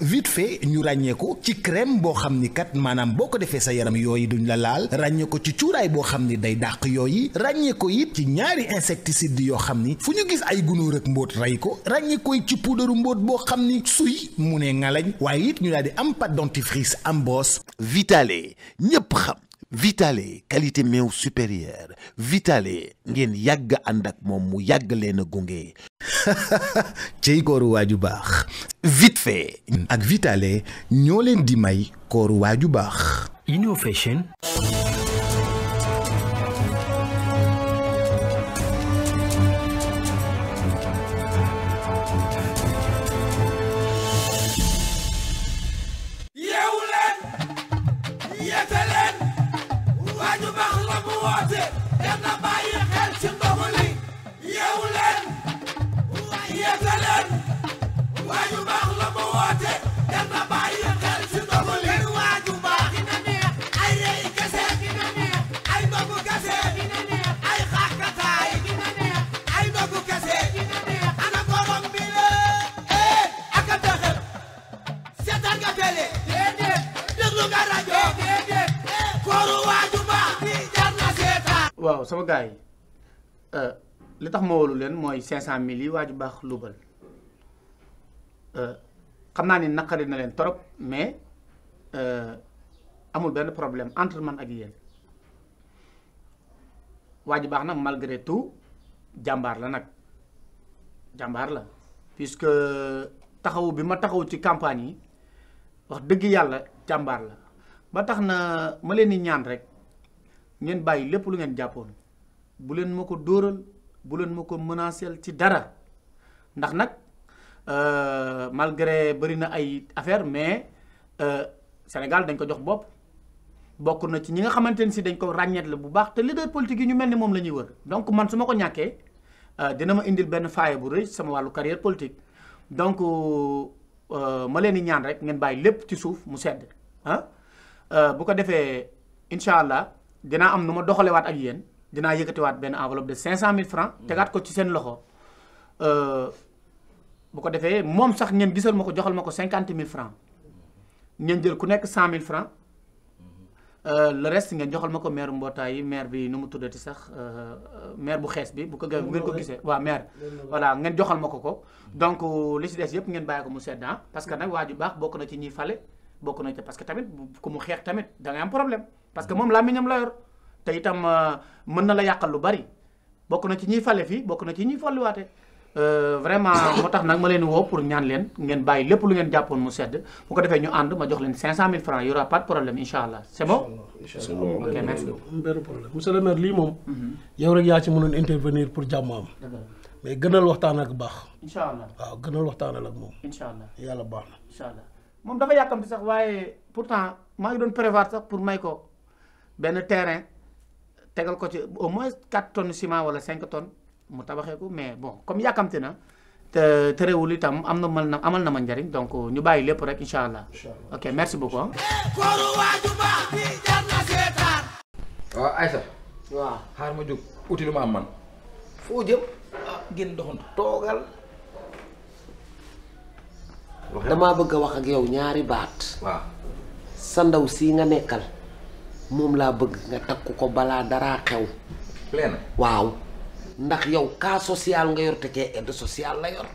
vite fait ñu ràññee ci crème boo xam ni kat maanaam boo ko defee sa yaram yooyu duñ la laal ràññee ko ci cuuraay boo xam ni day dàq yooyu ràññee ko ci ñaari insecticide yoo xam ni fu ñu gis ay gunóor ak mbóot rey ko ràññee ci puudaru mbóot boo xam ni suy mu ne ngalañ waaye ñu daal di am pâte dentifrice am boos vitale ñépp xam vitale qualité meew supérieure vitalé ngeen yàgg ànd ak moom mu yàgg leen a gunge cey waa ju baax vite fait ak vitale ñoo leen di may waa ju baax Inno Fashion waaw sama gars yi euh, li tax ma wóolu leen mooy cinq 500000 yi waa ju baax lubal euh, xam naa ni naqari na leen trop mais euh, amul benn problème entre man ak yéen waa baax na malgré tout jàmbaar la nag jàmbaar la puisque taxawu bi ma taxawu ci campagne yi wax dëgg yàlla jàmbaar la ba tax na ma leen di ñaan rek. ngeen bàyyi lépp lu ngeen jàppoon bu leen ma ko dóoral bu leen ma ko menacel ci dara ndax nag euh, malgré bëri na ay affaire mais euh, Sénégal dañ ko jox bopp bokk na ci ñi nga xamante ne si dañ ko ràññeet la bu baax te leader politique yi ñu mel ni moom la ñuy wër donc man su ma ko ñàkkee euh, dina ma indil benn faaye bu rëy sama wàllu carrière politique donc ma leen di ñaan rek ngeen bàyyi lépp ci suuf mu sedd ah bu ko defee incha allah dinaa am nu ma doxalewaat ak yéen dinaa yëkkatiwaat benn enveloppe de 500000 francs mm-hmm. tegaat ko ci seen loxo euh, bu ko defee moom sax ngeen gisal ma ko joxal ma ko mille francs ngeen jël ku nekk mille francs mm-hmm. euh, le reste ngeen joxal ma ko maire mbootaay maire bi nu mu tuddati sax euh, maire bu xees bi bu ko ngeen ko gisee waaw maire voilà ngeen joxal ma ko ko mm-hmm. donc li ci des yëpp ngeen bàyyi ko mu sedda ah. parce que nag waa ju baax bokk na ci ñiy fale bokk nañ ca parce que tamit ku mu xeex tamit da ngay am problème parce que moom làmmiñam la yor te itam euh, mën na la yàqal lu bari bokk na ci ñuy fale fii bokk na ci ñiy folliwaate euh, vraiment moo tax nag ma leen woo pour ñaan leen ngeen bàyyi lépp lu ngeen jàppoon mu sedd bu ko defee ñu ànd ma jox leen 500000 francs y aura pas de problème incha allah c'est ok merci benn problème lii moom. Mhm. yow rek yaa ci mënoon intervenir pour jàmm am. mais gënal waxtaan ak baax. incha allah waaw gënal waxtaan ak moom. incha allah yàlla baax na. incha allah. moom dafa yàkkamti sax waaye pourtant maa ngi doon prévoir sax pour may ko benn terrain tegal ko ci au moins 4 tonnes ciment wala cinq tonnes mu tabaxee ko mais bon comme yàkkamti na te terewul itam am na man na amal na ma njariñ donc ñu bàyyi lépp rek incha allah. ok merci beaucoup ah. waaw Aïssa. waaw xaar ma jóg uti lu ma am man. foo jëm. ah toogal. damaa bëgg a wax ak yow ñaari baat. waaw sa ndaw sii nga nekkal moom laa bëgg nga takk ko balaa dara xew. lenn waaw. ndax yow cas social nga yor te kee aide sociale la yor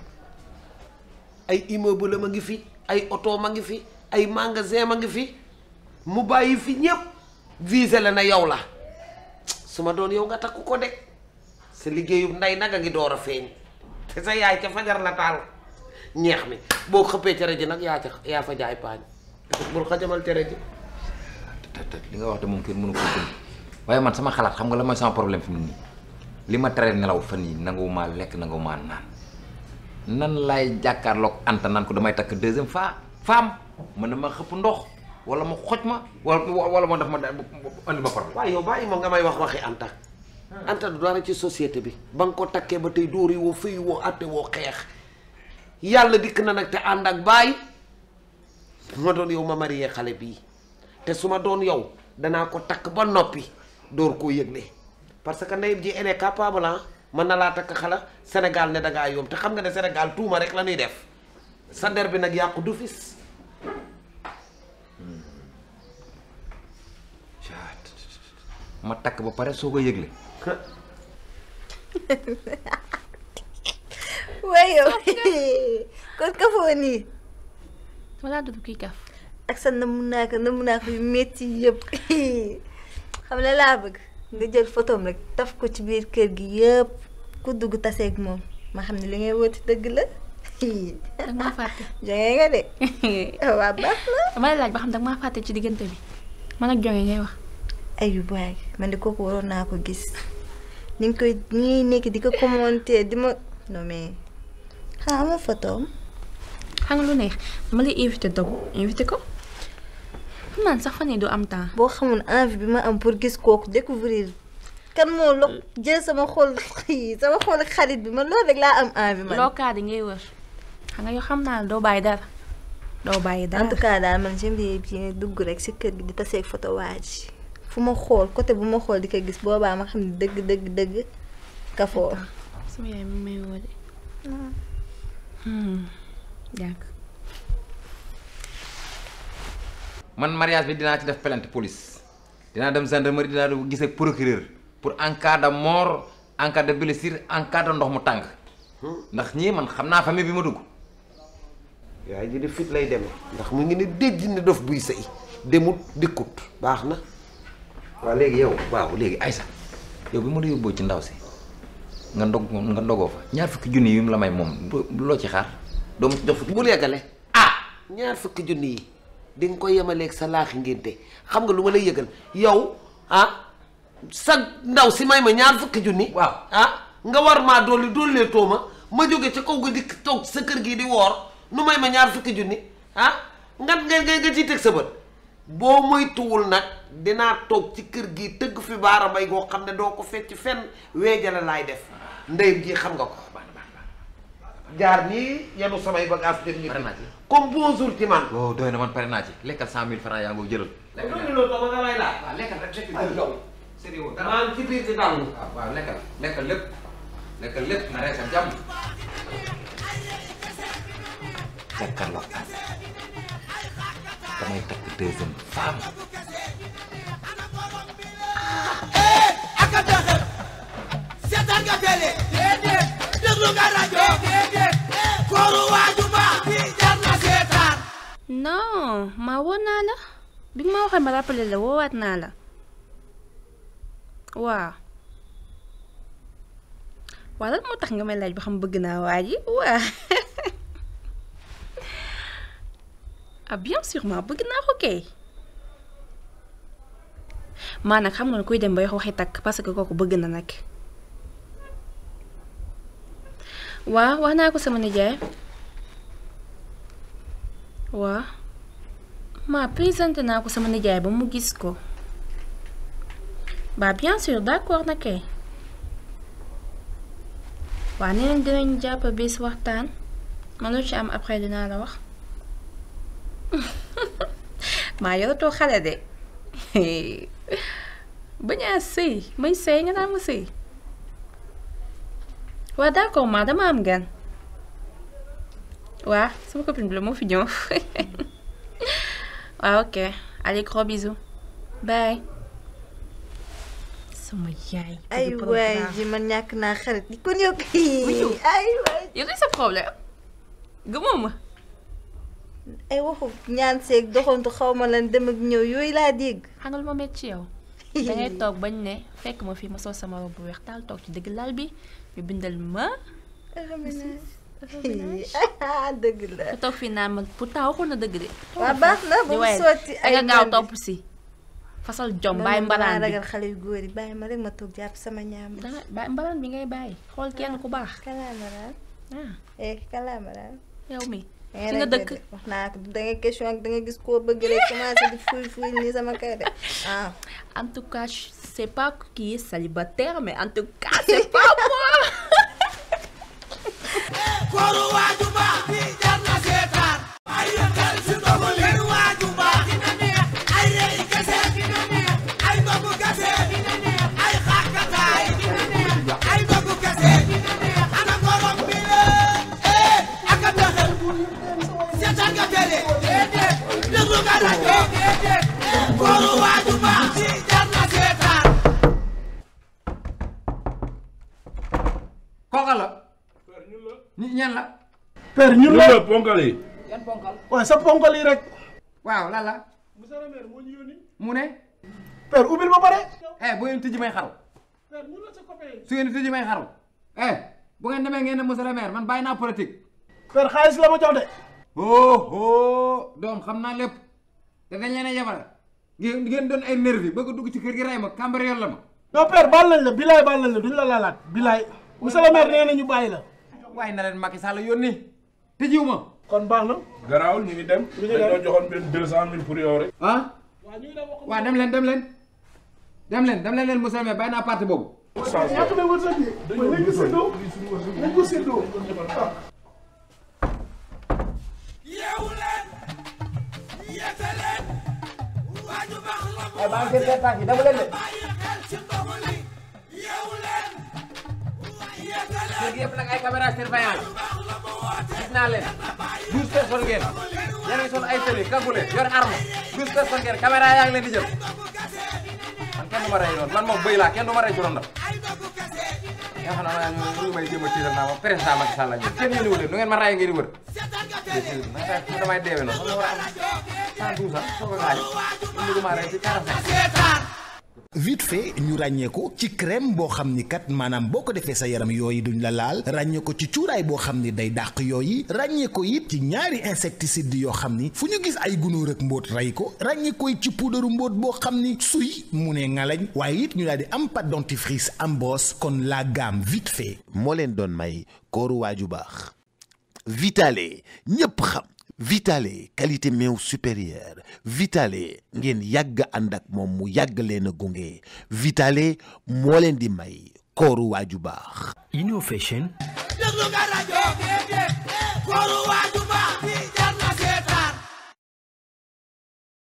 ay immeuble ma ngi fi ay oto a ngi fi ay magasin ma ngi fi mu bàyyi fi ñëpp visé la na yow la su ma doon yow nga takk ko de sa liggéeyub ndey nag a ngi door a feeñ te sa yaay ca fajar la taal. ñeex mi boo xëppee cere ji nag yaa ca yaa fa jaay paañ bul xajamal cere ji li nga wax de moom kenn mënu ko gën waaye man sama xalaat xam nga la mooy sama problème fi mu nii li ma tere nelaw fa nii yi ma lekk nanguwumaa naan nan laay jàkkaarlook anta nan ko damay takk deuxième fois femme mën na ma xëpp ndox walla ma xoj ma wala wala ma def ma andi ma problème waaye yow bàyyi moom nga may wax waxi anta ah. anta du dara ci société bi ba nga ko takkee ba tey dóori woo fëy woo atte woo xeex yàlla dikk na nag te ànd ak baay ma doon yow ma marié xale bii te su ma doon yow danaa ko takk ba noppi door koo yëgle parce que ndeyam ji elle est capable mën na laa takk xala Sénégal ne dangaa yoom te xam nga ne Sénégal tuuma rekk la def sa der bi nag yàqu du fis ma takk ba pare soo ko waaye kon kafoo nii. ma laa dugg kaf. ak sa namu naa ko namu naa ko yu métti yëpp xam la laa bëgg nga jël photom taf ko ci biir kër gi yëpp moom ma xam ne li ngay woote dëgg la. danga maa fàtte. joŋee nga de. waa baax na. dama laaj ba xam danga maa fàtte ci diggante bi man ak joŋee ngay wax. ayu baay man de kooku waroon naa ko gis. ni koy ni nekk di ko commenter di ma non ah am photo xam nga lu neex dama lay invité dogu invité ko xam naa sax fan yii du am temps. boo xamoon envie bi ma am pour gis kooku découvrir kan moo lo jël sama xool yi xol xarit bi man loolu rek laa am envie man. lookaa di ngay wër xam nga yoo xam naa doo bàyyi dara. doo bàyyi dara en tout cas daal man j'aimerais bien dugg rek ci kër gi di taseeg photo waa fu ma xool côté bu ma xool di ko gis boobaa ma xam ne dëgg dëgg dëgg kafoo. jàkk hmm. man mariage bi dinaa ci def plainte police dinaa dem gendarmerie dinaa dem gis ak procureur pour en cas de mort en ndox mu tàng ndax ñii man xam naa famille bi ma dugg yaay ji de fit lay demee ndax mu ngi ne déjj ne dof buy sëy demut dikkut baax na waaw léegi yow waaw léegi Aïssa yow bi ma la yóbboo ci ndaw si nga ndog nga ndogoo fa ñaar fukki junni yi mu la may moom loo ci xaar doo ma ci jox fukki bul yeggale ah ñaar fukki junni yi di nga koy yemaleeg sa laaxi ngénte xam nga lu ma lay yëgal yow ah sa ndaw si may ma ñaar fukki junni waaw ah nga war maa doolli doollee tooma ma jóge ca kaw ga dikk toog sa kër gii di woor nu may ma ñaar fukki junni ah nga nga nga ciy sa bët boo moytuwul nag dinaa toog ci kër gi tëgg fi baara bay goo xam ne doo ko fecc fen fenn weejale laay def ndeyam ji xam nga ko jaar nii yenu samay bagaas dem ñu comme bonjour ci man o oh, doy na man pare naa ci lekkal cent mille francs yaa ngoo jëlal loolu toog nga lay laaj waaw ah, lekkal rek lekk yow sérieux dara maa ngi ci biir ci dàllu waaw ah, waaw lekkal lekkal lépp lekkal lépp na reesal jàmm lekkal waxtaan damay teg deuxième seetaan nga télé déedéet déglu nga rajo déedéet jar na seetaan non maa woo naa la bi ma waxee ma rappelé la woowaat naa la waaw waaw lan moo tax nga may laaj ba xam bëgg naa waa ji waaw ah bien sûrement bëgg naa ko kay maa nag xam nga ne kuy dem bay waxi takk parce que kooku bëgg na nag waaw wax naa ko sama nijaay waaw ma présenté naa ko sama nijaay ba mu gis ko ba bien sûr d'accord na kay waaw nee dinañ jàpp bis waxtaan ma lu ci am après dinaa la wax maa yoratoo xale de bañ sëy may sëy nga naan ma sëy waa d'accord maa dama am gan waa sama copine bi la moo fi ñëw waaw ok allez gros bisous bye sama yaay. ay waay ji man ñàkk naa xarit. kon yow kii ay waay. yow sa problème gëmoo ma. ay waxu ñaan seeg doxantu xaw ma lan dem ak ñëw yooyu laa dégg. xam nga lu ma métti ci yow. toog bañ ne fekk ma fii ma sol sama robe bu weex taal toog ci dëgg lal bi ñu bindal ma. dëgg la. ku toog fii naan bu pourtant waxoon na dëgg de. waaw baax na ba mu sotti ay mbalaan bi xale yu góor yi bàyyi ma toog jàpp sama ñaam. bi ngay bàyyi. xool kenn ku baax. Ah, kalaama daal. ah eh mi. fi dëkk wax naa da ngay question da nga gis koo bëgg rek commencé di fuy fuy nii sama kër de ah. en tout cas c'est pas qui est mais en tout cas c'est pas moi. tàggatale déglu nga rajo kooru waaju baax si jar na seetaan kooka la ñi ñan la père ñun la ponkal yi yan ponkal waaw sa ponkal yi rek waaw lan la monsieur le maire moo ñu yónni mu ne père ubbil ba pare eh bu ngeen tijji may xaru su ngeen tijji may xaru eh bu ngeen demee ngeen ne monsieur le maire man bàyyi naa politique père xaalis la ma jox de oh doom xam naa lépp te dañ leen a yabal ngeen ngeen doon ay nervi bëgg a dugg ci kër gi ray ma cambriole la ma. non père baal nañ la bilaay baal nañ la duñ la laalaat bilaay. monsieur le nee na ñu bàyyi la. waaye na leen Macky Sall yónni tëjiw ma. kon baax na. garaawul ñu ngi dem. ñu ngi dem dañoo joxoon benn deux cent mille pour yow rek. ah. waaw dem leen dem leen. dem leen dem leen leen monsieur le maire naa parti boobu. sans que ñàkk na wërsëg yi. dañoo wërsëg dañoo wërsëg dañoo waaye maa ngi seen seen tànk yi demu leen de. kër gi yëpp nag ay caméra surveillance gis naa leen douze personnes ngeen yéen a ngi sonn ay télé cagoule yor arme douze personnes ngeen caméra yaa ngi leen di jël man kenn du ma rey lool man moom bëy laa kenn du ma rey ci rondam nga xam ne ma ñu may jéem a tiital naa ma président Macky Sall la ñu kenn yéen a wër nu ngeen ma rey ngeen di wër damay deewee noonu war a am vite fait ñu ràññee ko ci crème boo xam ni kat maanaam boo ko defee sa yaram yooyu duñ la laal ràññee ko ci cuuraay boo xam ni day dàq yooyu ràññee ko it ci ñaari insecticide yoo xam ni fu ñu gis ay gunóor ak mbóot rey ko ràññee ko ci puudaru mbóot boo xam ni suy mu ne ngalañ waaye it ñu daal di am pâte dentifrice am boos kon laa gamme vite fait. moo leen doon may kooru waaju baax. vitale ñépp xam. Vitale qualité meew supérieure Vitale ngeen yàgg ànd ak moom mu yàgg leen a gunge moo leen di may kooru waaju baax. Innovation. déglu nga rajo. kooru waaju baax.